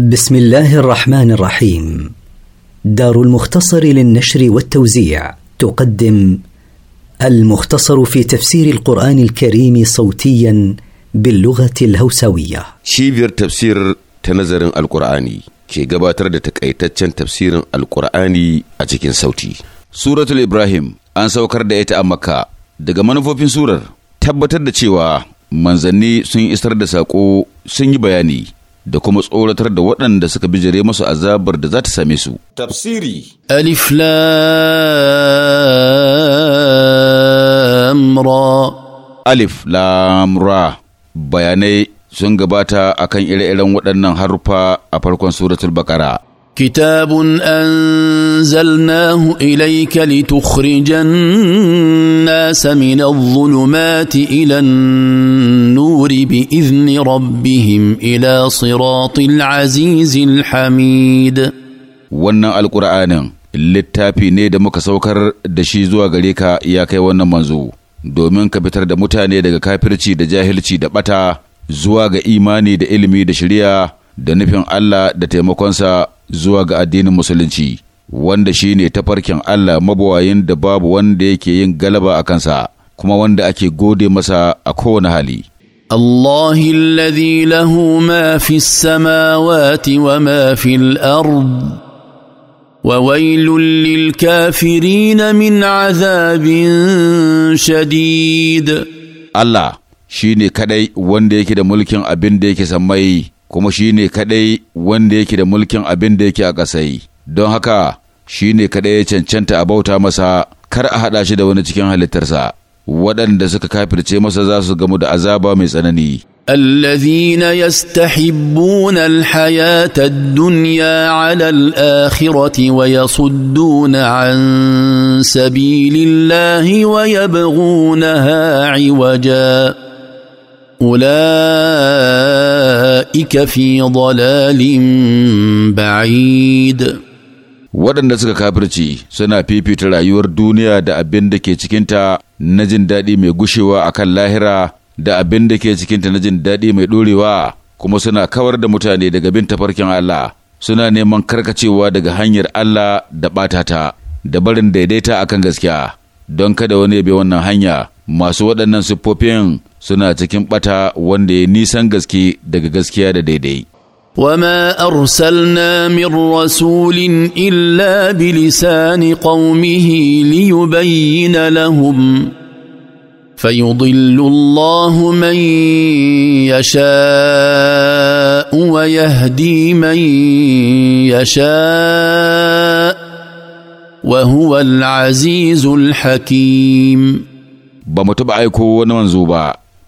بسم الله الرحمن الرحيم دار المختصر للنشر والتوزيع تقدم المختصر في تفسير القرآن الكريم صوتيا باللغة الهوسوية شيفير تفسير تنظر القرآني كي قباتر تكأيتتشن تفسير القرآني أجيكين صوتي سورة الإبراهيم أن سوكر دائت أمكا دقا منفو في سورة da cewa manzanni sun سن da ساقو سن yi da kuma tsoratar da waɗanda suka bijire masu azabar da za ta same su. Tafsiri Alif Lamra Alif Lamra bayanai sun gabata akan ire-iren waɗannan haruffa a farkon suratul bakara. كتاب انزلناه اليك لتخرج الناس من الظلمات الى النور باذن ربهم الى صراط العزيز الحميد wannan alkur'anin littafi ne da muka saukar da shi zuwa gare ka ya kai wannan manzo domin ka fitar da mutane daga kafirci da jahilci da bata zuwa ga imani da ilimi da shari'a da nufin Allah da taimakonsa zuwa ga addinin musulunci wanda shi ne tafarkin Allah mabawayin da babu wanda yake yin galaba a kansa kuma wanda ake gode masa a kowane hali. الله الذي له ما في السماوات وما في الارض وويل للكافرين من عذاب شديد الله shine kadai wanda yake da mulkin abin da yake samai. kuma shi ne kaɗai wanda yake da mulkin abin da yake a ƙasai, don haka shi ne kaɗai ya cancanta a bauta masa kar a haɗa shi da wani cikin halittarsa, waɗanda suka kafirce masa za su gamu da azaba mai tsanani. الذين يستحبون الحياة الدنيا على الآخرة ويصدون عن سبيل الله ويبغونها عوجاً أولئك في ضلال بعيد waɗanda suka kafirci suna fifita rayuwar duniya da abin da ke cikinta na jin daɗi mai gushewa a kan lahira da abin da ke cikinta na jin daɗi mai ɗorewa kuma suna kawar da mutane daga bin tafarkin Allah suna neman karkacewa daga hanyar Allah da ɓata ta da barin daidaita akan gaskiya don kada wani ya bi wannan hanya masu waɗannan siffofin suna cikin ɓata wanda ya nisan gaske daga gaskiya da daidai. وما ارسلنا من رسول الا بلسان قومه ليبين لهم فيضل الله من يشاء ويهدي من يشاء وهو العزيز الحكيم ba mu taɓa aiko wani manzo ba,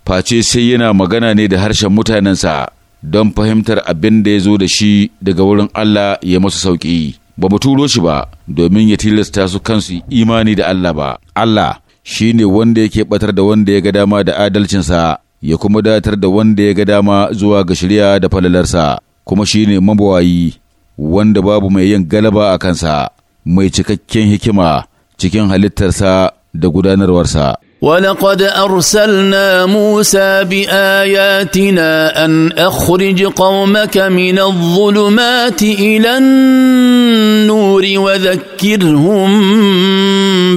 face sai yana magana ne da harshen mutanensa don fahimtar abin da ya zo da shi daga wurin Allah ya masu sauƙi. Ba mu turo shi ba domin ya tilasta su kansu imani da Allah ba. Allah shi ne wanda yake batar da wanda ya ga dama da adalcinsa ya kuma datar da wanda ya ga dama zuwa ga shirya da falalarsa kuma shi ne mabawayi wanda babu mai yin galaba a kansa mai cikakken hikima cikin halittarsa da gudanarwarsa. ولقد ارسلنا موسى باياتنا ان اخرج قومك من الظلمات الى النور وذكرهم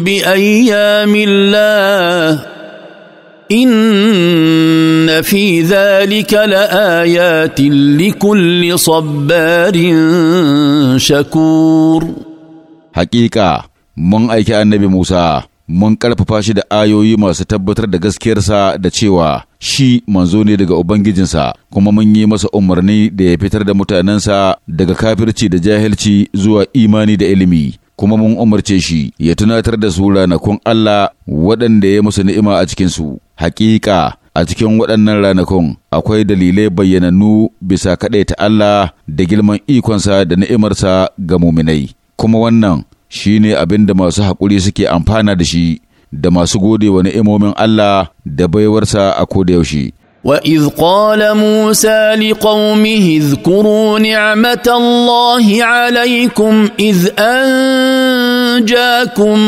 بايام الله ان في ذلك لايات لكل صبار شكور حقيقه من ايك النبي موسى mun ƙarfafa shi da ayoyi masu tabbatar da gaskiyarsa da cewa shi manzo ne daga Ubangijinsa, kuma mun yi masa umarni da ya fitar da mutanensa daga kafirci da jahilci zuwa imani da ilimi. Kuma mun umarce shi ya tunatar da su ranakun Allah waɗanda ya musu ni'ima a cikinsu. Haƙiƙa, a cikin waɗannan ranakun akwai dalilai bayyanannu bisa kaɗai ta Allah da girman ikonsa da ni'imarsa ga muminai. Kuma wannan shi ne abin da masu haƙuri suke amfana da shi da masu gode wa ni'imomin Allah da baiwarsa a da yaushe. وإذ قال موسى لقومه اذكروا نعمة الله عليكم إذ أنجاكم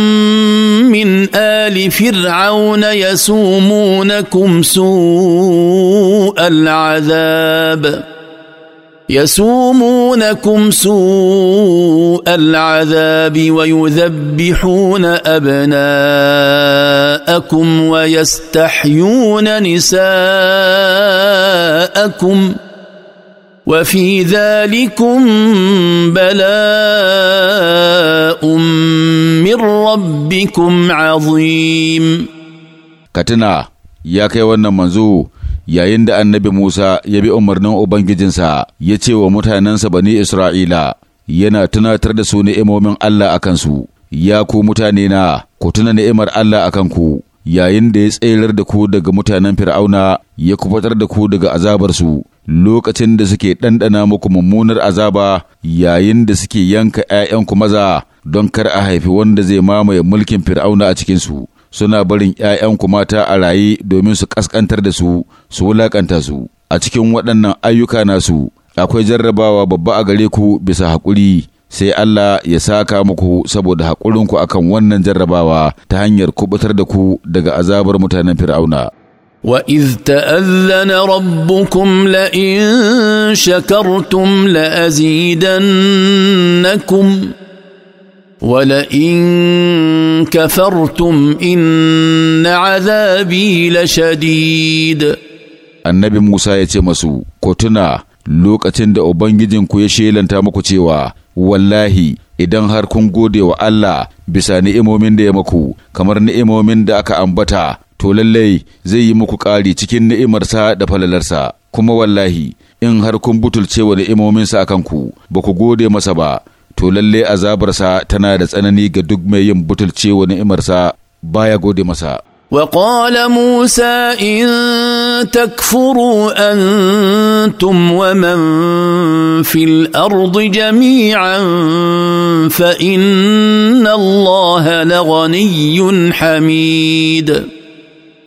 من آل فرعون يسومونكم سوء العذاب' يسومونكم سوء العذاب ويذبحون ابناءكم ويستحيون نساءكم وفي ذلكم بلاء من ربكم عظيم كتنا يا كيوانا منزو yayin da annabi Musa ya bi umarnin Ubangijinsa ya ce wa mutanensa bani Isra'ila, yana tunatar da su ni'imomin Allah a kansu, ya ku mutane na, ku tuna ni'imar Allah a kanku, yayin da ya tsayar da ku daga mutanen Fir'auna ya kufatar da ku daga azabarsu, lokacin da suke ɗanɗana muku mummunar azaba yayin da suke yanka ‘ya'yanku maza don kar a haifi wanda zai mamaye mulkin Fir'auna a cikinsu. suna barin ‘ya'yanku mata a raye domin su ƙasƙantar da su, su wulaƙanta su, a cikin waɗannan ayyuka nasu, akwai jarrabawa babba a gare ku bisa haƙuri, sai Allah ya saka muku saboda haƙurinku akan wannan jarrabawa ta hanyar kubutar da ku daga azabar mutanen Fir'auna. وَإِذْ تَأَذَّنَ رَبُّكُمْ لئن شَكَرْتُمْ لَأَزِيدَنَّكُمْ ولئن كفرتم إن عذابي لشديد annabi Musa ya ce masu, Ko tuna lokacin da ku ya shelanta muku cewa, Wallahi, idan har kun gode wa Allah bisa ni'imomin da ya maku, kamar ni'imomin da aka ambata, to lallai zai yi muku ƙari cikin ni'imarsa da falalarsa, kuma wallahi, in har kun butulce wa ni'imominsa a kanku, ba ku gode masa ba, to lalle azabarsa tana da tsanani ga duk mai yin butulce wa ni'imarsa baya gode masa وقال موسى ان تكفروا انتم ومن في الارض جميعا فان الله لغني حميد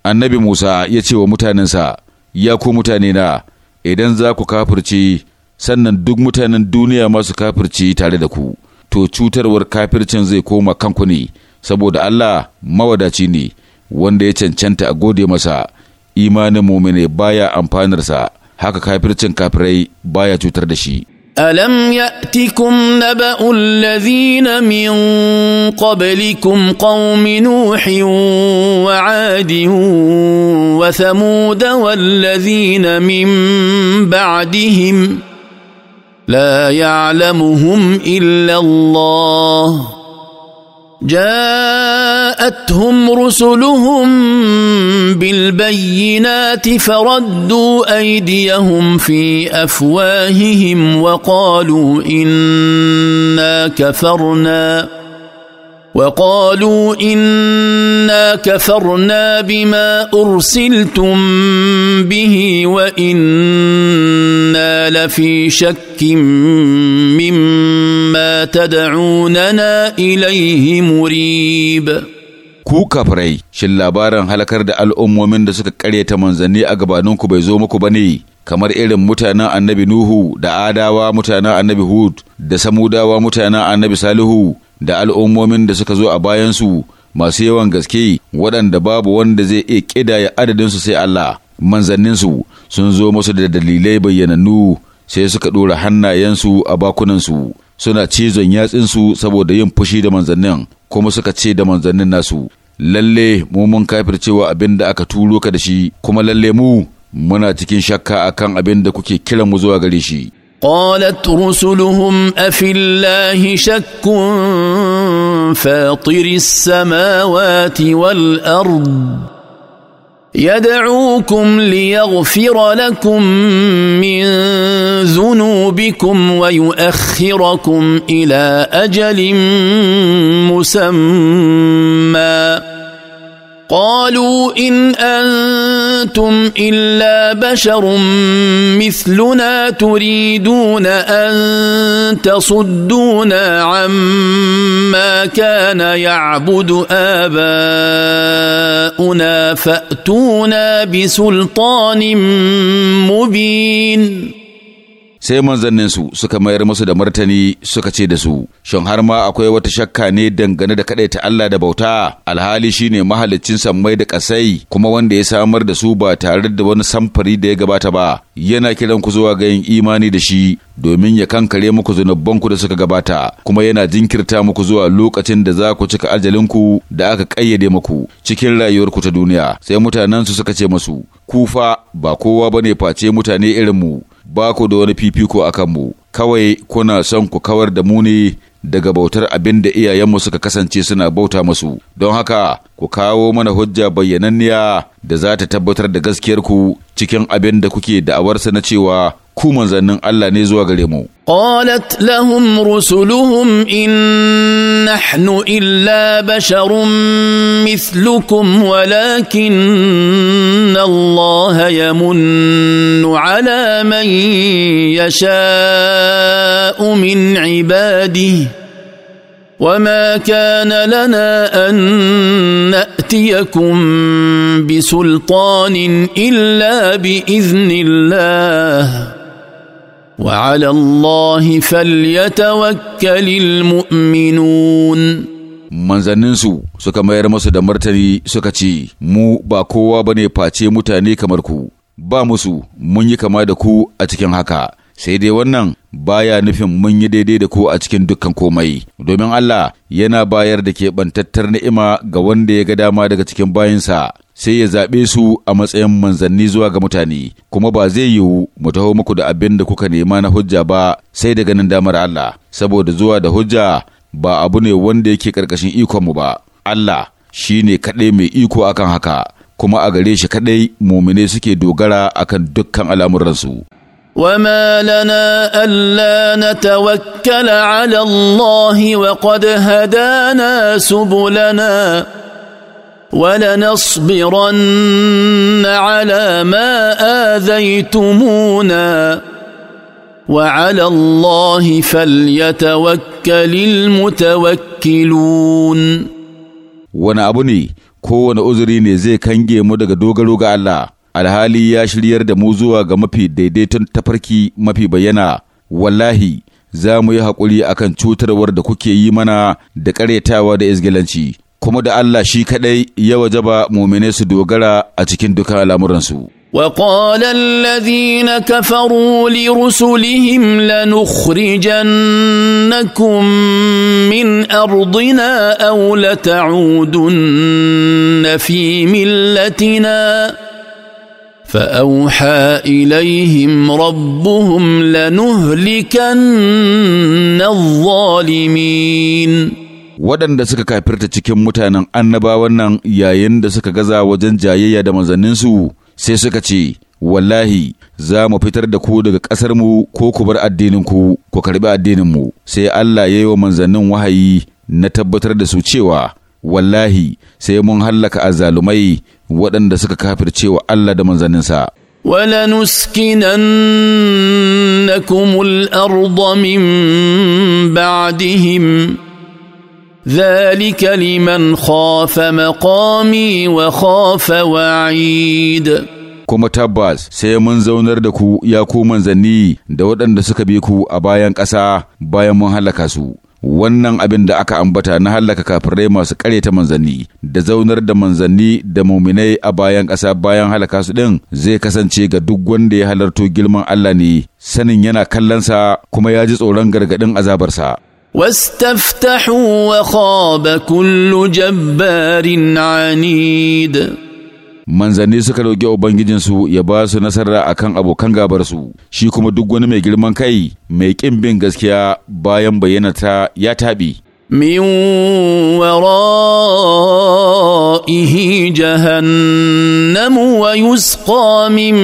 annabi Musa ya ce wa mutanensa, Ya ku mutanena, idan za ku kafirci sannan duk mutanen duniya masu kafirci tare da ku to cutarwar kafircin zai koma kanku ne saboda Allah mawadaci ne wanda ya cancanta a gode masa imanin mumine baya amfanarsa haka kafircin kafirai baya cutar da shi ألم يأتكم نبأ الذين من قبلكم قوم نوح وعاد وثمود والذين من بعدهم ؟ لا يعلمهم الا الله جاءتهم رسلهم بالبينات فردوا ايديهم في افواههم وقالوا انا كفرنا وقالوا انا كفرنا بما ارسلتم به وانا لفي شك مما تدعوننا اليه مريب ku kafirai shin labarin halakar da al'ummomin da suka karyata manzanni a gabaninku bai zo muku ba ne kamar irin mutanen annabi Nuhu da Adawa mutanen annabi Hud da Samudawa mutanen annabi Salihu da al'ummomin da suka zo a bayansu masu yawan gaske waɗanda babu wanda zai iya ƙidaya adadinsu sai Allah manzanninsu sun zo musu da dalilai bayyanannu sai suka ɗora hannayensu a bakunansu suna cizon yatsinsu saboda yin fushi da manzannin kuma suka ce da manzannin nasu lalle mu mun kafircewa abin da aka turo ka da shi kuma lalle mu muna cikin shakka akan abin da kuke kiran mu zuwa gare shi قالت رسلهم افي الله شك فاطر السماوات والارض يدعوكم ليغفر لكم من ذنوبكم ويؤخركم الى اجل مسمى قالوا ان انتم الا بشر مثلنا تريدون ان تصدونا عما كان يعبد اباؤنا فاتونا بسلطان مبين sai manzanninsu suka mayar musu da martani suka ce da su shin har ma akwai wata shakka ne dangane da ta Allah da bauta alhali shine mahaliccin sammai da kasai kuma wanda ya samar da su ba tare da wani samfari da ya gabata ba yana kiran ku zuwa ga yin imani da shi domin ya kankare muku zunubanku da suka gabata kuma yana jinkirta muku zuwa lokacin da za ku cika ajalinku da aka kayyade muku cikin rayuwarku ta duniya sai mutanensu suka ce masu kufa ba kowa bane face mutane irin mu. ba ku da wani fifiko a kanmu, kawai kuna son ku kawar da mu ne daga bautar abin da iyayenmu suka kasance suna bauta masu, don haka ku kawo mana hujja bayyananniya da za ta tabbatar da gaskiyarku cikin abin da kuke da'awarsa na cewa ku manzannin Allah ne zuwa gare mu. Qalat lahum rusuluhum in nahnu illa basharun mithlukum walakin Allah yamunnu ala man yasha'u min ibadihi وما كان لنا ان ناتيكم بسلطان الا باذن الله وعلى الله فليتوكل المؤمنون manzanninsu suka mayar masu da martani suka ce, Mu ba kowa ba ne face mutane kamar ku, ba musu mun yi kama da ku a cikin haka, sai dai wannan baya nufin mun yi daidai da ku a cikin dukkan komai, domin Allah yana bayar da keɓantattar ni'ima ga wanda ya ga dama daga cikin bayinsa. sai ya zaɓe su a matsayin manzanni zuwa ga mutane kuma ba zai yiwu mu taho muku da abin da kuka nema na hujja ba sai da ganin damar Allah saboda zuwa da hujja ba abu ne wanda yake ƙarƙashin ikonmu ba Allah shi ne kaɗai mai iko akan haka kuma a gare shi kaɗai mumine suke dogara akan dukkan al'amuransu. وما لنا ألا نتوكل على الله وقد هدانا سبلنا ولنصبرن على ما اذيتمونا وعلى الله فليتوكل المتوكلون wani abu ne kowane uzuri ne zai kange mu daga dogaro ga Allah alhali ya shiryar da mu zuwa ga mafi daidaiton tafarki mafi bayyana wallahi za mu yi haƙuri akan cutarwar da kuke yi mana da ƙaretawa da izgilanci kuma da Allah shi kaɗai ya wajaba mumine su dogara a cikin dukan al'amuransu. وقال الذين كفروا لرسلهم لنخرجنكم من ارضنا او لتعودن في ملتنا فاوحى اليهم ربهم لنهلكن الظالمين waɗanda suka kafirta cikin mutanen annabawan nan yayin da suka gaza wajen jayayya da manzanninsu sai suka ce wallahi za mu fitar da ku daga ƙasarmu ko ku bar addininku ku karɓi addininmu sai Allah ya yi wa manzannin wahayi na tabbatar da su cewa wallahi sai mun hallaka azzalumai waɗanda suka kafircewa Allah da manzanninsa. ولنسكننكم الأرض من بعدهم ذلك لمن خاف مقامي وخاف وعيد kuma tabbas sai mun zaunar da ku ya ku manzanni da waɗanda suka bi ku a bayan ƙasa bayan mun halaka su wannan abin da aka ambata na hallaka kafirai masu ta manzanni da zaunar da manzanni da muminai a bayan ƙasa bayan halaka su ɗin zai kasance ga duk wanda ya halarto girman Allah ne sanin yana kallonsa kuma ya ji tsoron gargaɗin azabarsa. واستفتحوا وخاب كل جبار عنيد manzanni suka roƙi ubangijinsu ya ba su nasara akan abokan gabarsu shi kuma duk wani mai girman kai mai ƙin bin gaskiya bayan bayyanata ya taɓi min wara'ihi wa yusqa ma'in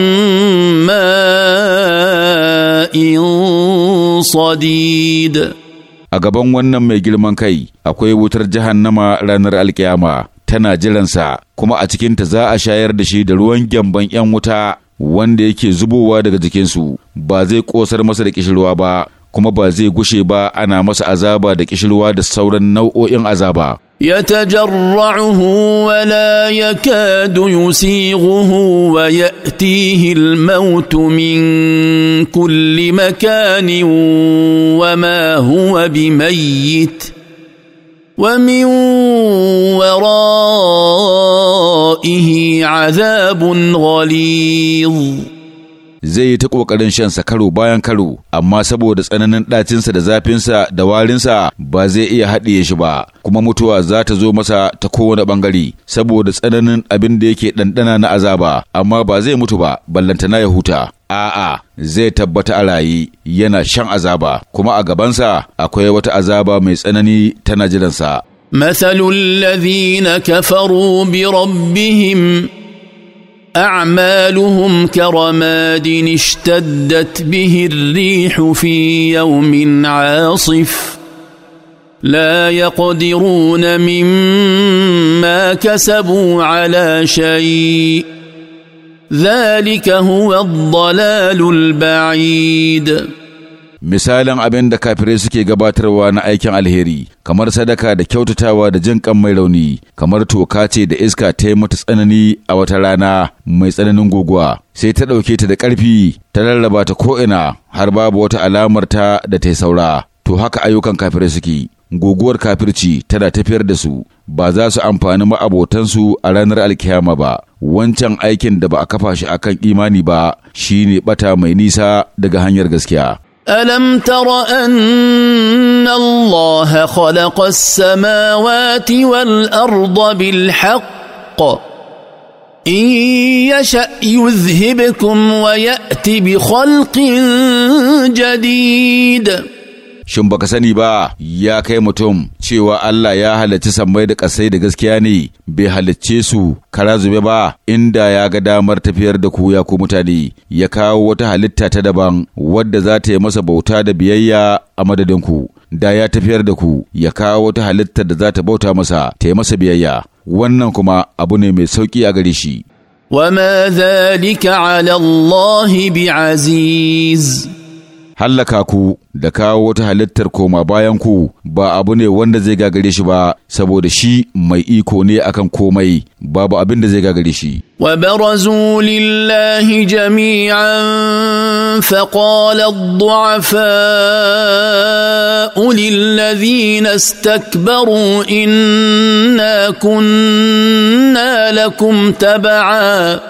sadid a gaban wannan mai girman kai akwai wutar jahannama ranar alkiyama tana jiransa kuma a cikinta za a shayar da shi da ruwan gyamban 'yan wuta wanda yake zubowa daga jikinsu ba zai kosar masa da kishirwa ba kuma ba zai gushe ba ana masa azaba da kishirwa da sauran nau'o'in azaba. يتجرعه ولا يكاد يسيغه ويأتيه الموت من كل مكان وما هو بميت ومن ورائه عذاب غليظ zai yi ta ƙoƙarin shansa karo bayan karo, amma saboda tsananin ɗacinsa da zafinsa da warinsa ba zai iya haɗiye shi ba, kuma mutuwa za ta zo masa ta kowane ɓangare, saboda tsananin abin da yake ɗanɗana na azaba, amma ba zai mutu ba, ballantana ya huta. A'a, zai tabbata a rayi yana shan azaba, kuma a gabansa akwai wata azaba mai tsanani tana jiransa. مثل الذين bi بربهم اعمالهم كرماد اشتدت به الريح في يوم عاصف لا يقدرون مما كسبوا على شيء ذلك هو الضلال البعيد misalin abin da kafirai suke gabatarwa na aikin alheri kamar sadaka da kyautatawa da jin kan mai rauni kamar toka ce da iska ta yi mata tsanani a wata rana mai tsananin guguwa sai ta ɗauke ta da ƙarfi ta rarraba ta ko'ina har babu wata alamar ta da ta saura to haka ayyukan kafirai suke guguwar kafirci tana tafiyar da su ba za su amfani ma'abotansu a ranar alkiyama ba wancan aikin da ba a kafa shi akan imani ba shine bata mai nisa daga hanyar gaskiya الم تر ان الله خلق السماوات والارض بالحق ان يشا يذهبكم ويات بخلق جديد shin baka sani ba ya kai mutum cewa Allah ya halarci sammai da ƙasai da gaskiya ne bai halarce su kara zube ba inda ya ga damar tafiyar da ku ya ku mutane ya kawo wata halitta ta daban wadda za ta yi masa bauta da biyayya a madadin ku da ya tafiyar da ku ya kawo wata halitta da za ta bauta masa ta yi masa biyayya wannan kuma abu ne mai sauki a gare shi وما ذلك على الله بعزيز hallaka ku da kawo wata halittar koma bayan ku ba abu ne wanda zai gagare shi ba saboda shi mai iko ne akan komai babu abin da zai gagare shi وبرزوا لله جميعا فقال الضعفاء للذين استكبروا انا كنا لكم تبعا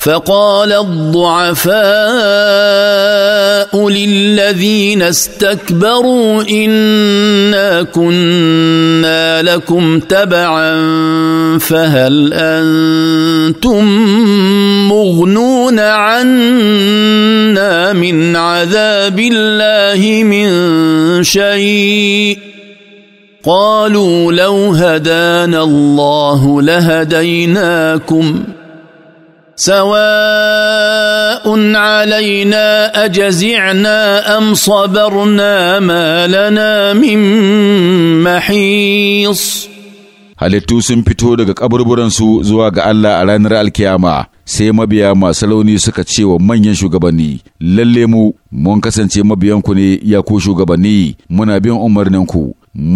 فقال الضعفاء للذين استكبروا انا كنا لكم تبعا فهل انتم مغنون عنا من عذاب الله من شيء قالوا لو هدانا الله لهديناكم سواء علينا اجزعنا ام صبرنا ما لنا من محيص halittu sun fito daga kaburburansu zuwa ga Allah a ranar alkiyama sai mabiya masu launi suka ce wa manyan shugabanni lalle mu mun kasance mabiyanku ne ya ku shugabanni muna bin umarninku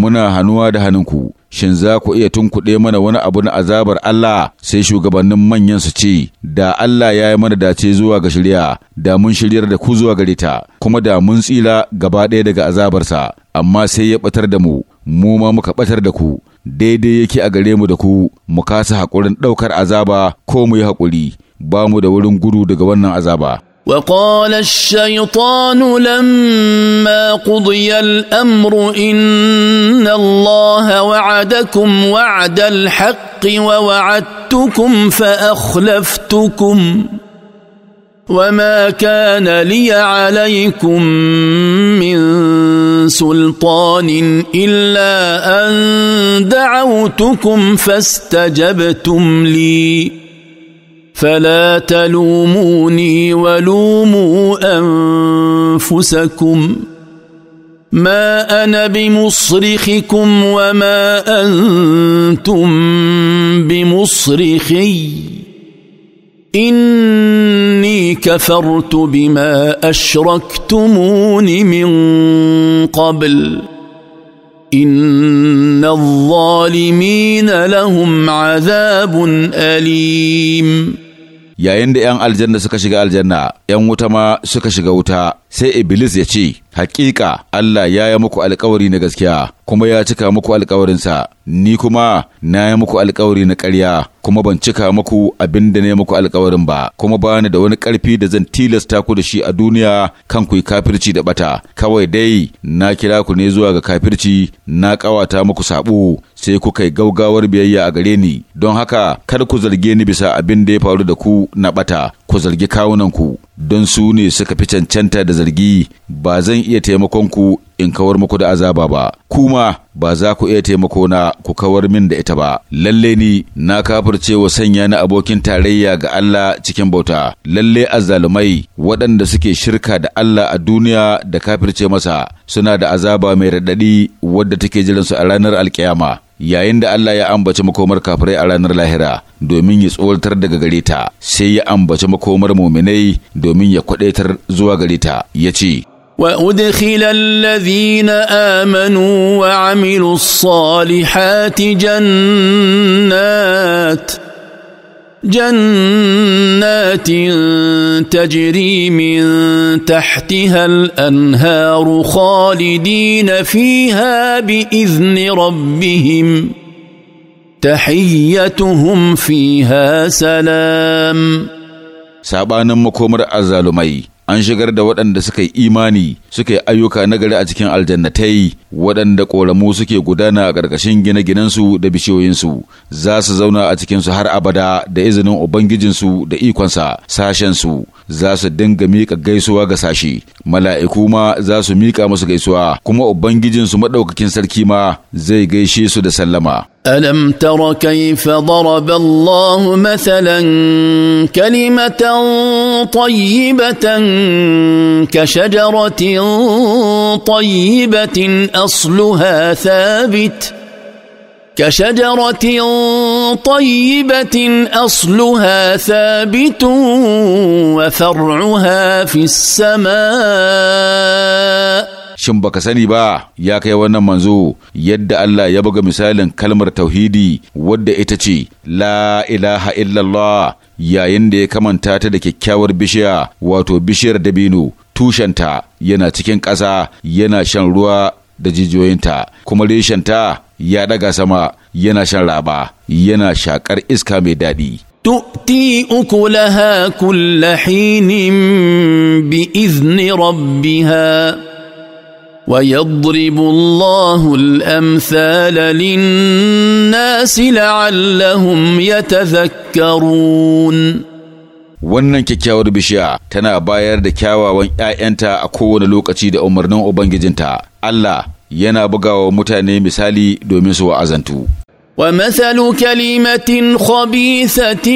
muna hannuwa da hannunku shin za ku iya tunkuɗe mana wani abu na azabar Allah sai shugabannin manyan su ce, da Allah ya yi mana dace zuwa ga shirya, da mun shiryar da ku zuwa gare ta, kuma da mun tsira gaba ɗaya daga azabarsa, amma sai ya ɓatar da mu, mu ma muka ɓatar da ku, daidai yake a gare mu da ku, mu kasa haƙurin ɗaukar azaba ko mu yi haƙuri, ba mu da wurin gudu daga wannan azaba. وقال الشيطان لما قضي الامر ان الله وعدكم وعد الحق ووعدتكم فاخلفتكم وما كان لي عليكم من سلطان الا ان دعوتكم فاستجبتم لي فلا تلوموني ولوموا انفسكم ما انا بمصرخكم وما انتم بمصرخي اني كفرت بما اشركتمون من قبل ان الظالمين لهم عذاب اليم yayin da 'yan aljanna suka shiga aljanna 'yan wuta ma suka shiga wuta sai Iblis ya ce, Hakika Allah ya yi muku alkawari na gaskiya, kuma ya cika muku alkawarinsa, ni kuma na yi muku alkawari na ƙarya, kuma ban cika muku abin da na yi muku alkawarin ba, kuma ba da wani ƙarfi da zan tilasta ku da shi a duniya kan ku yi kafirci da bata, kawai dai na kira ku ne zuwa ga kafirci, na ƙawata muku saɓo, sai ku kai gaugawar biyayya a gare ni, don haka kar ku zarge ni bisa abin da ya faru da ku na bata, ku zargi kawunan ku. don su ne suka fi cancanta da zargi ba zan iya taimakon ku in kawar muku da azaba ba kuma ba za ku iya taimako na ku kawar min da ita ba lalle ni na kafirce wa sanya na abokin tarayya ga Allah cikin bauta lalle azzalumai waɗanda suke shirka da Allah a duniya da kafirce masa suna da azaba mai raɗaɗi wadda take jiransu a ranar alkiyama yayin da Allah ya ambaci makomar kafirai a ranar lahira domin ya tsoratar daga gare ta sai ya ambaci makomar muminai domin ya kwadaitar zuwa gare ta ya ce وأدخل الذين آمنوا وعملوا الصالحات jannat. جنات تجري من تحتها الانهار خالدين فيها باذن ربهم تحيتهم فيها سلام مكومر ازالو مي an shigar da waɗanda suka yi imani suka yi ayyuka nagari a cikin aljannatai waɗanda ƙoramu suke gudana a ƙarƙashin gine-ginensu da bishiyoyinsu za su zauna a cikinsu har abada da izinin ubangijinsu da ikonsa sashensu za su dinga miƙa gaisuwa ga sashi mala'iku ma za su miƙa musu gaisuwa kuma ubangijinsu maɗaukakin sarki ma zai gaishe su da sallama الم تر كيف ضرب الله مثلا كلمه طيبه كشجره طيبه اصلها ثابت كشجره طيبه اصلها ثابت وفرعها في السماء shin baka sani ba ya kai wannan manzo yadda Allah ya buga misalin kalmar tauhidi wadda ita ce la ilaha illallah yayin da ya kamanta ta da kyakkyawar bishiya wato bishiyar dabino tushenta yana cikin ƙasa yana shan ruwa da jijiyoyinta kuma reshenta ya daga sama yana shan raba yana shakar iska mai daɗi تؤتي اكلها كل حين باذن ربها ويضرب الله الامثال للناس لعلهم يتذكرون wannan kyakkyawar bishiya tana bayar da kyawawan ‘ya'yanta a kowane lokaci da umarnin Ubangijinta, Allah yana bugawa mutane misali domin su wa'azantu. ومثل كلمه خبيثه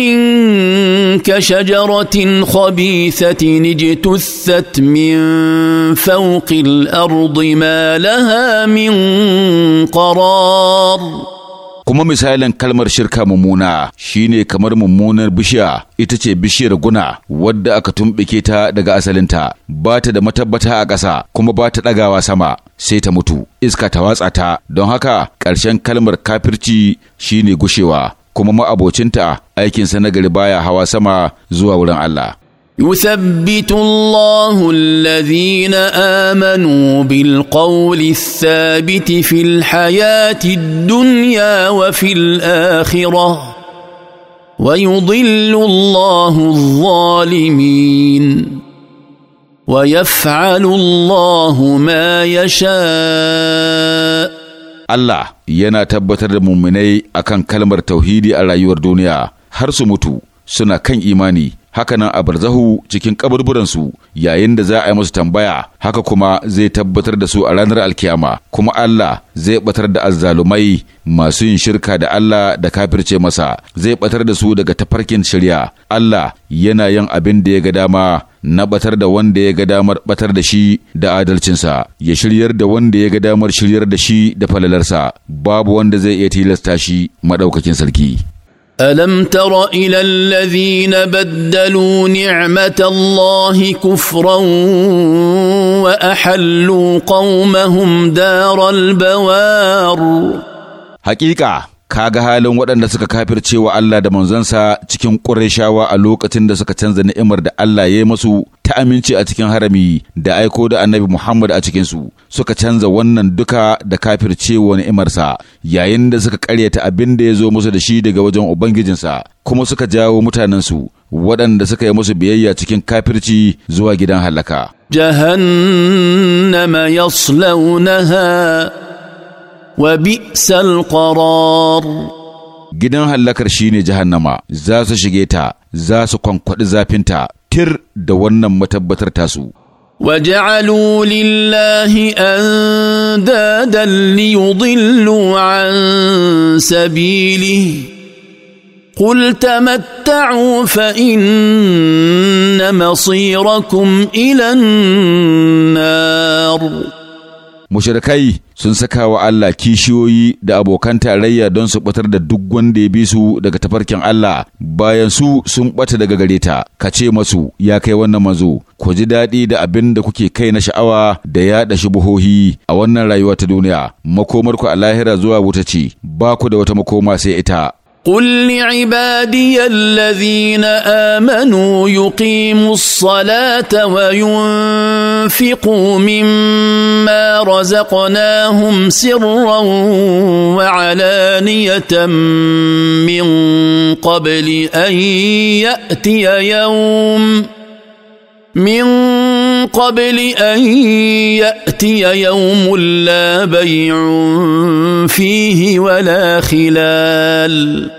كشجره خبيثه اجتثت من فوق الارض ما لها من قرار kuma misalin kalmar shirka mummuna shine kamar mummunar bishiya ita ce bishiyar guna wadda aka tumbike ta daga asalinta ba ta da matabbata a ƙasa kuma ba ta ɗagawa sama sai ta mutu iska ta watsa ta don haka ƙarshen kalmar kafirci shine gushewa kuma ma'abocinta sa na gari baya hawa sama zuwa wurin Allah. يثبت الله الذين امنوا بالقول الثابت في dunya الدنيا وفي الاخره ويضل الله الظالمين ويفعل الله ما يشاء Allah yana tabbatar da mummunai akan kalmar tauhidi a rayuwar duniya har su mutu suna kan imani haka nan a barzahu cikin su yayin da za a yi musu tambaya haka kuma zai tabbatar da su a ranar alkiyama kuma Allah zai batar da azzalumai masu yin shirka da Allah da kafirce masa zai batar da su daga tafarkin shirya Allah yana yin abin da ya ga dama na batar da wanda ya ga damar batar da shi da adalcinsa ya shiryar da wanda ya ga damar shiryar da shi da falalarsa babu wanda zai iya tilasta shi maɗaukakin sarki ألم تر إلى الذين بدلوا نعمة الله كفرا وأحلوا قومهم دار البوار حقيقة Ka ga halin waɗanda suka kafircewa Allah da manzansa cikin ƙurashawa a lokacin da suka canza ni'imar da Allah ya yi masu ta aminci a cikin harami da aiko da annabi Muhammad a cikinsu suka canza wannan duka da kafircewa ni'imarsa yayin da suka ƙaryata abin da ya zo musu da shi daga wajen Ubangijinsa kuma suka jawo mutanensu waɗanda suka yi musu biyayya cikin kafirci zuwa gidan halaka. Jahannama yaslaunaha وبئس القرار جدن هلكر شيني جهنما زاسو شيغيتا زاسو كونكود زافينتا تير دا wannan متبتر تاسو وجعلوا لله اندادا ليضلوا عن سبيله قل تمتعوا فان مصيركم الى النار mushrikai sun saka wa Allah kishiyoyi da abokan tarayya don su batar da duk wanda ya bi su daga tafarkin Allah bayan su sun bata daga gare ta ka ce masu ya kai wannan manzo ku ji daɗi da abin da kuke kai na sha'awa da yaɗa shubuhohi a wannan rayuwar ta duniya makomarku a lahira zuwa wuta ce ba ku da wata makoma sai ita قل لعبادي الذين امنوا يقيموا الصلاه وينفقوا مما رزقناهم سرا وعلانيه من قبل ان ياتي يوم من قبل ان ياتي يوم لا بيع فيه ولا خلال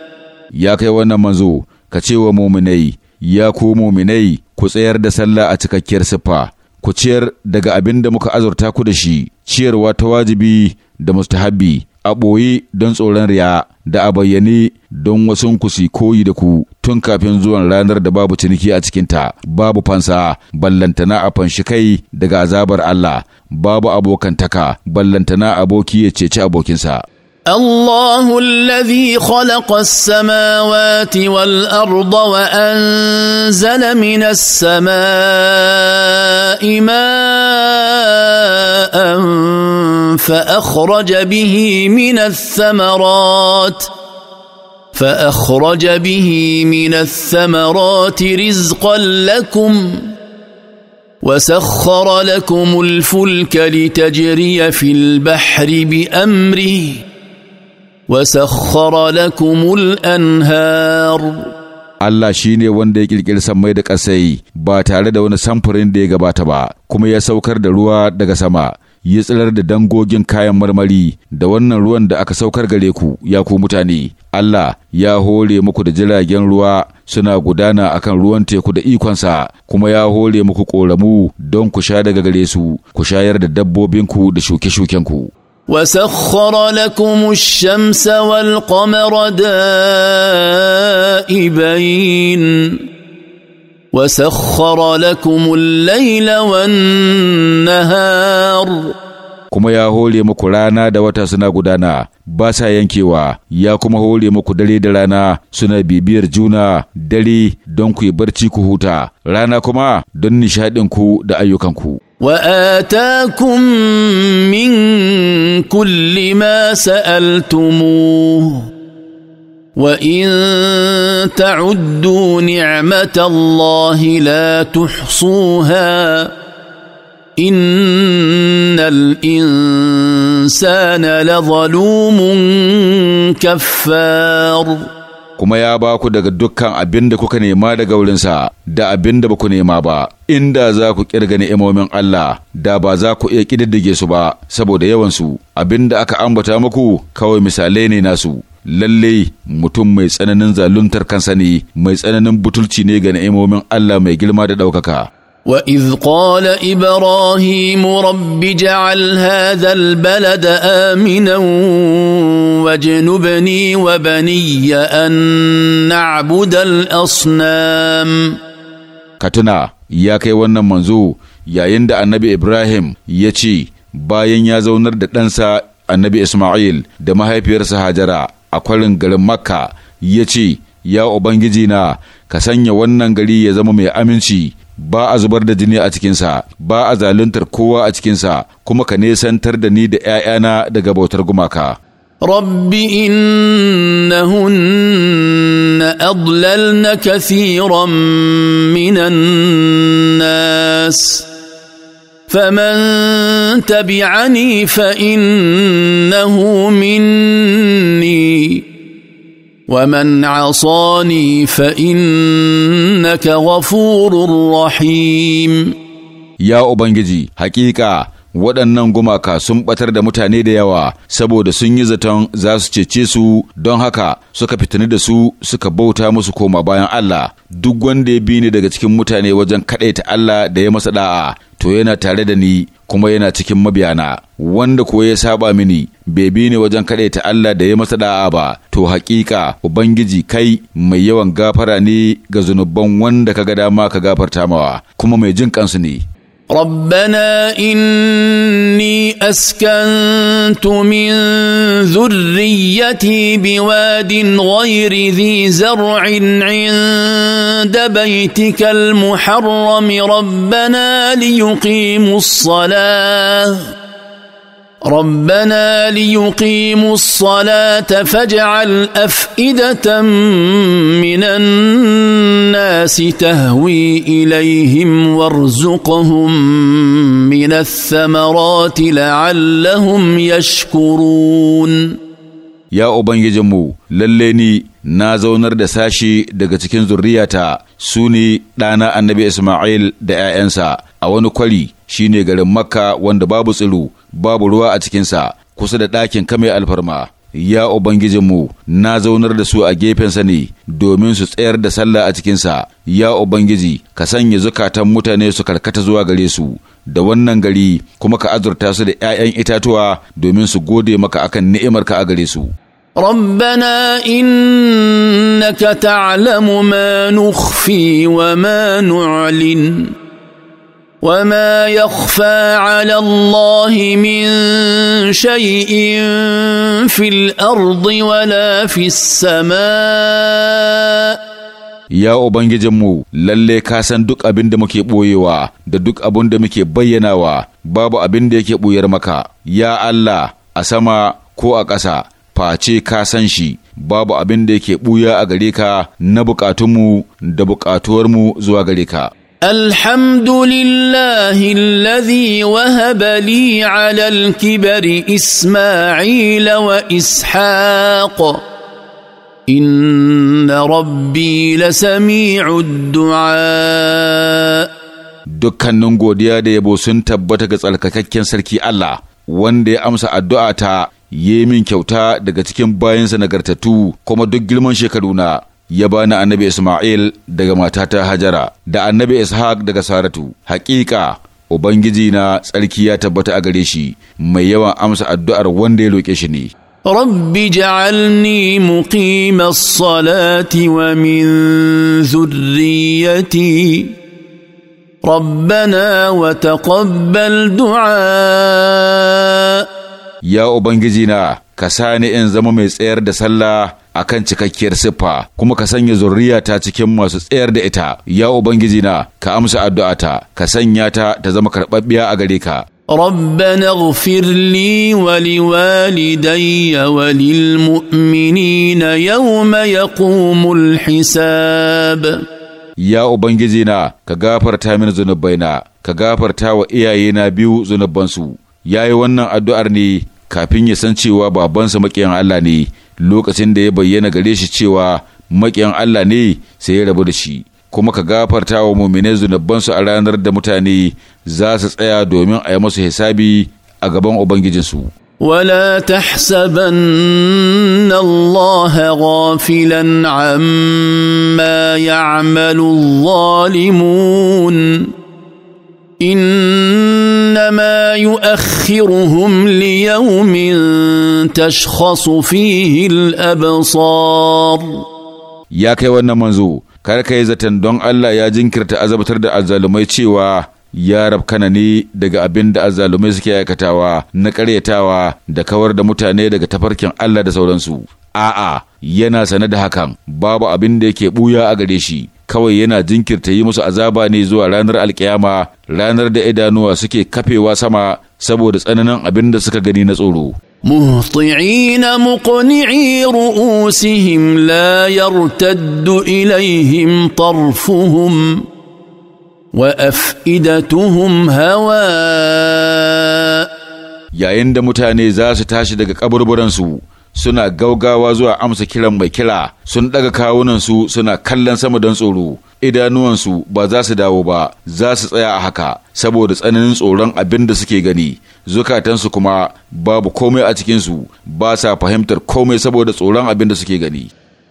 ya kai wannan manzo ka ce wa muminai ya ku muminai ku tsayar da sallah a cikakkiyar siffa ku ciyar daga abin da muka azurta ku da shi ciyarwa ta wajibi da mustahabbi a ɓoye don tsoron riya da a bayyane don wasu ku su koyi da ku tun kafin zuwan ranar da babu ciniki a cikinta babu fansa ballantana a fanshi kai daga azabar Allah babu abokantaka ballantana aboki ya ceci abokinsa. الله الذي خلق السماوات والارض وانزل من السماء ماء فاخرج به من الثمرات فاخرج به من الثمرات رزقا لكم وسخر لكم الفلك لتجري في البحر بامره وسخر لكم الأنهار Allah shi ne wanda ya ƙirƙiri sammai da ƙasai ba tare da wani samfurin da ya gabata ba, kuma ya saukar da ruwa daga sama, ya tsirar da dangogin kayan marmari da wannan ruwan da aka saukar gare ku, ya ku mutane. Allah ya hore muku da jiragen ruwa suna gudana akan ruwan teku da ikonsa, kuma ya hore muku ƙoramu don ku sha daga gare su, ku shayar da dabbobinku da shuke-shukenku. وسخر لكم الشمس والقمر دائبين وسخر لكم الليل والنهار kuma ya hore muku rana da wata suna gudana ba sa yankewa ya kuma hore muku dare da rana suna bibiyar juna dare don ku yi barci ku huta rana kuma don nishaɗinku da ayyukanku واتاكم من كل ما سالتموه وان تعدوا نعمه الله لا تحصوها ان الانسان لظلوم كفار kuma ya ba ku daga dukkan abin da kuka nema daga wurinsa da abin da ba ku nema ba inda za ku kirga ni'imomin Allah da ba za ku iya ƙididdige su ba saboda yawansu abin da aka ambata muku kawai misalai ne nasu lalle mutum mai tsananin zaluntar kansa ne mai tsananin butulci ne ga ni'imomin Allah mai girma da ɗaukaka واذ قال ابراهيم رب اجعل هذا البلد امنا واجنبني وبني ان نعبد الاصنام كتنا يا كي wannan manzo yayin da annabi ibrahim ya ce bayan ya zaunar da ɗansa annabi isma'il da mahaifiyarsa hajara a kwarin garin makka ya ce ya ubangiji na ka sanya wannan gari ya zama mai aminci ba a zubar da jini a cikinsa ba a zaluntar kowa a cikinsa kuma ka nesantar da ni da ‘ya'yana daga bautar gumaka رب إنهن أضللن كثيرا من الناس fa تبعني فإنه مني ومن عصاني فإنك غفور رحيم يا أبنجي حقيقة waɗannan gumaka sun ɓatar da mutane da yawa saboda sun yi zaton za su cece su don haka suka fitini da su suka bauta musu koma bayan Allah duk wanda ya bi ni daga cikin mutane wajen kaɗaita Allah da ya masa da'a to yana tare da ni kuma yana cikin mabiyana wanda ko ya saba mini bai bi ni wajen ta Allah da ya masa da'a ba to haƙiƙa ubangiji kai mai yawan gafara ne ga zunuban wanda ka ga dama ka gafarta mawa kuma mai jin kansu ne ربنا اني اسكنت من ذريتي بواد غير ذي زرع عند بيتك المحرم ربنا ليقيموا الصلاه ربنا ليقيموا الصلاه فاجعل افئده من الناس تهوي اليهم وارزقهم من الثمرات لعلهم يشكرون ya Ubangijinmu, Lallai ni na zaunar da sashi daga cikin zurriyata su ne ɗana annabi Ismail da ‘ya'yansa a wani kwari shi ne garin Makka wanda babu tsiru babu ruwa a cikinsa kusa da ɗakin kame alfarma ya ubangijinmu na zaunar da su a gefensa ne domin su tsayar da sallah a cikinsa ya ubangiji ka sanya zukatan mutane su karkata zuwa gare su da wannan gari kuma ka azurta su da 'ya'yan itatuwa domin su gode maka akan ni'imarka a gare su ربنا انك تعلم ما نخفي وما نعلن وما يخفى على الله من شيء في الارض ولا في السماء ya Ubangijinmu, lalle ka san duk abin da muke ɓoyewa da duk abin da muke bayyanawa, babu abin da yake buyar maka, ya Allah a sama ko a ƙasa, face ka san shi, babu abin da yake ɓuya a gare ka na buƙatunmu da mu zuwa gare ka. الحمد لله الذي وهب لي على الكبر اسماعيل واسحاق ان ربي لسميع الدعاء dukkanin godiya da yabo sun tabbata ga tsalkakakken sarki Allah wanda ya amsa addu'a ta yi min kyauta daga cikin bayansa nagartattu kuma duk girman shekaruna ya bani annabi Ismail daga matata Hajara da annabi Ishaq daga Saratu haƙiƙa ubangiji na tsarki ya tabbata a gare shi mai yawan amsa addu'ar wanda ya roƙe shi ne رب اجعلني مقيم الصلاه ومن ذريتي ربنا وتقبل du'a. Ya ubangiji na ka sani in zama mai tsayar da sallah a kan cikakkiyar siffa kuma ka sanya ta cikin masu tsayar da ita ya ubangiji na ka amsa addu'ata ka sanya ta ta zama karɓaɓɓiya a gare ka ربنا اغفر لي ولوالدي وللمؤمنين يوم يقوم الحساب يا أبنجزينا كغافرتا من ذنوبنا كغافرتا وإياينا بيو ذنوبانسو يا wannan addu'ar ne kafin ya san cewa babansa maƙiyan Allah ne lokacin da ya bayyana gare shi cewa maƙiyan Allah ne sai ya rabu da shi kuma ka gafarta wa mummine zunubansu a ranar da mutane za su tsaya domin a yi masu hisabi a gaban ubangijinsu ولا تحسبن الله غافلا عما يعمل الظالمون انما يؤخرهم ليوم تشخص فيه الابصار يا kai wannan manzo kar ka yi zaton don Allah ya jinkirta azabtar da azzalumai cewa ya rabkana ne daga abin da azzalumai suke aikatawa na karyatawa da kawar da mutane daga tafarkin Allah da sauransu a'a yana sane da hakan babu abin da yake buya a gare shi kawai yana jinkirta yi musu azaba ne zuwa ranar alkiyama ranar da idanuwa suke kafewa sama saboda tsananin abin da suka gani na tsoro. مهطعين مقنعي رؤوسهم لا يرتد إليهم طرفهم وأفئدتهم هواء yayin da mutane za su tashi daga kaburburansu suna gaugawa zuwa amsa kiran mai kira sun ɗaga kawunansu suna kallon sama don tsoro idanuwansu ba za su dawo ba za su tsaya a haka saboda tsananin tsoron abin da suke gani zukatansu kuma babu komai a cikinsu ba sa fahimtar komai saboda tsoron abin da suke gani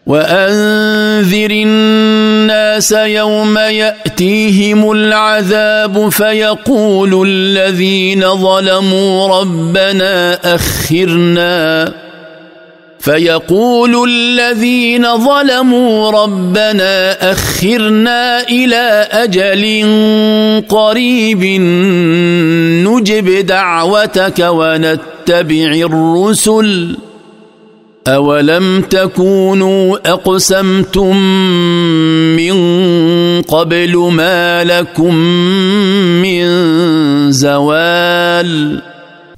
وانذر الناس يوم ياتيهم العذاب فيقول الذين ظلموا ربنا اخرنا فيقول الذين ظلموا ربنا اخرنا الى اجل قريب نجب دعوتك ونتبع الرسل اولم تكونوا اقسمتم من قبل ما لكم من زوال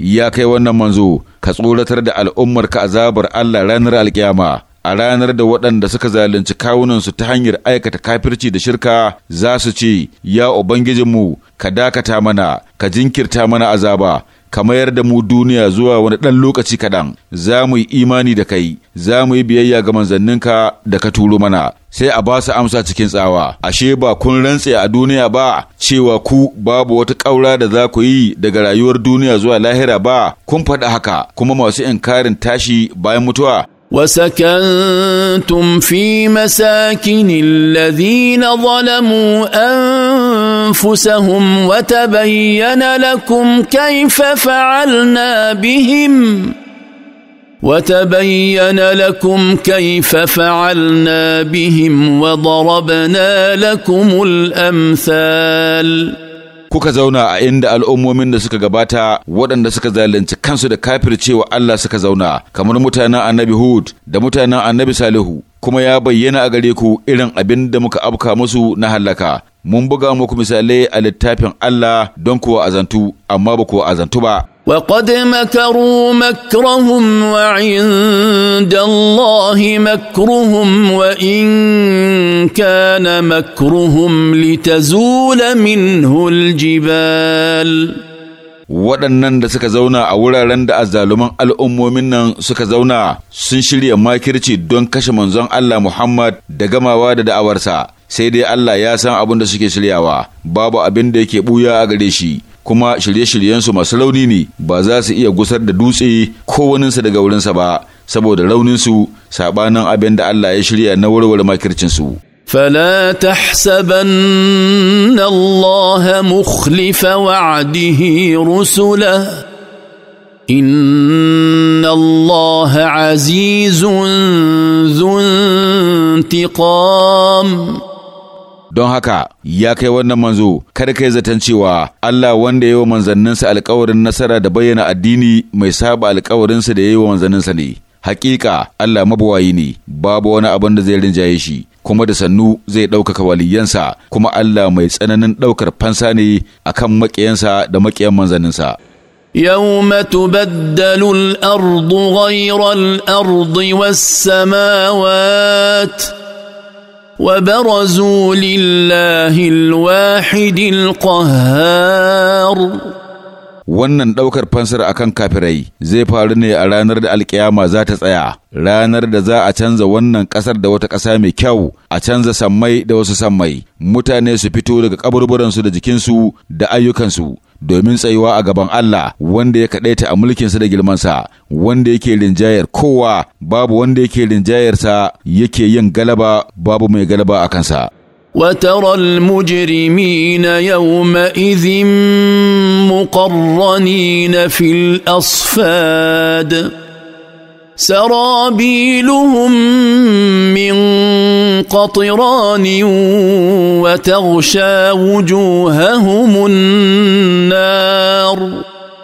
ya kai wannan manzo ka tsoratar da al'ummarka azabar Allah ranar alkiyama a ranar da waɗanda suka zalunci kawunansu ta hanyar aikata kafirci da shirka za su ce, Ya Ubangijinmu, ka dakata mana, ka jinkirta mana azaba, ka mayar da mu duniya zuwa wani ɗan lokaci kaɗan, za mu yi imani da kai, za mu yi biyayya ga manzanninka da ka turo mana, sai a ba su amsa cikin tsawa, ashe ba kun rantse a duniya ba, cewa ku babu wata ƙaura da za ku yi daga rayuwar duniya zuwa lahira ba, kun faɗa haka, kuma masu inkarin tashi bayan mutuwa. وسكنتم في مساكن الذين ظلموا أن أنفسهم وتبين لكم كيف فعلنا بهم وتبين لكم كيف فعلنا بهم وضربنا لكم الأمثال kuka zauna a inda al'ummomin da suka gabata waɗanda suka zalunci kansu da kafircewa Allah suka zauna kamar mutanen annabi Hud da mutanen annabi Salihu kuma ya bayyana a gare ku irin abin da muka abka musu na hallaka mun buga muku misalai a littafin Allah don kuwa azantu amma ba kuwa azantu ba وقد مكروا مكرهم وعند الله مكرهم وان كان مكرهم لتزول منه الجبال waɗannan da suka zauna a wuraren da azzaluman al'ummomin nan suka zauna sun shirya makirci don kashe manzon Allah Muhammad da gamawa da da'awarsa sai dai Allah ya san abin da suke shiryawa babu abin da yake buya a gare shi kuma shirye-shiryensu masu rauni ne ba za su iya gusar da dutse ko waninsa daga wurinsa ba saboda raunin su sabanin abin da Allah ya shirya na warware makircinsu. فلا تحسبن الله مخلف وعده رسله إن الله عزيز ذو انتقام don haka ya kai wannan manzo kada kai zaton cewa Allah wanda ya yi wa manzanninsa alkawarin nasara da bayyana addini mai saba alkawarinsa da ya yi wa manzanninsa ne hakika Allah mabuwayi ne babu wani abin da zai rinjaye shi kuma da sannu zai ɗaukaka waliyansa kuma Allah mai tsananin ɗaukar fansa ne akan maƙiyansa da maƙiyan manzanninsa يوم تبدل الأرض غير الأرض والسماوات وبرزوا لله الواحد القهار wannan ɗaukar fansar kan kafirai zai faru ne a ranar da alkiyama za ta tsaya ranar da za a canza wannan ƙasar da wata ƙasa mai kyau a canza sammai da wasu sammai mutane su fito daga kaburburansu da jikinsu da ayyukansu domin tsayuwa a gaban Allah wanda ya kaɗaita a mulkinsa da girmansa wanda yake rinjayar kowa babu wanda yake rinjayarsa yake yin galaba babu mai galaba a kansa. وترى المجرمين يومئذ مقرنين في الاصفاد سرابيلهم من قطران وتغشى وجوههم النار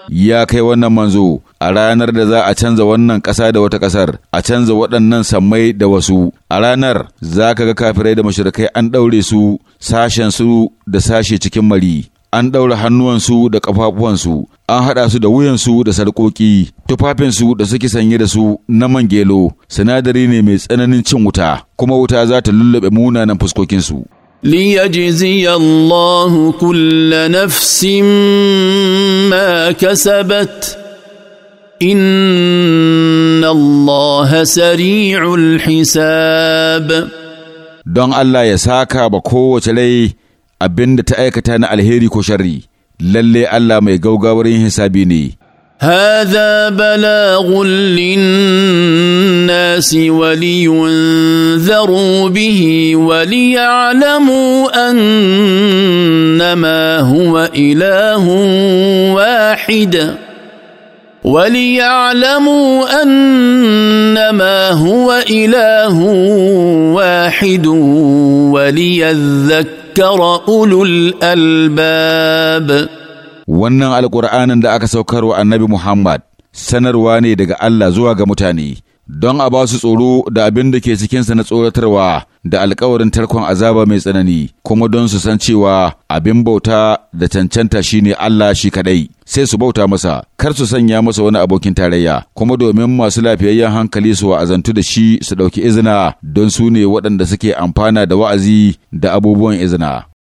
ya kai wannan manzo a ranar da za a canza wannan ƙasa da wata ƙasar a canza waɗannan sammai da wasu a ranar za ka ga kafirai da mashirikai an ɗaure su sashen su da sashe cikin mari an ɗaura hannuwansu da ƙafafuwansu, an haɗa su da wuyansu da sarƙoƙi, tufafinsu da suke sanye da su na man gelo, sinadari ne mai tsananin cin wuta, kuma wuta za ta lullube munanan fuskokinsu. ليجزي الله كل نفس ما كسبت ان الله سريع الحساب don Allah ya saka ba kowace rai abin da ta aikata na alheri ko sharri lalle Allah mai gaugawar yin hisabi ne هذا بلاغ للناس ولينذروا به وليعلموا انما هو اله واحد وليعلموا انما هو اله واحد وليذكر Kara ulul albab. Wannan Alƙur'anin da aka saukar wa annabi Muhammad sanarwa ne daga Allah zuwa ga mutane. don a ba su tsoro da abin da ke cikinsa na tsoratarwa da alkawarin tarkon azaba mai tsanani kuma don su san cewa abin bauta da cancanta shine Allah shi kadai sai su bauta masa kar su sanya masa wani abokin tarayya kuma domin masu lafiyayyen hankali su wa'azantu da shi su ɗauki izina don su ne waɗanda suke amfana da wa'azi da abubuwan izina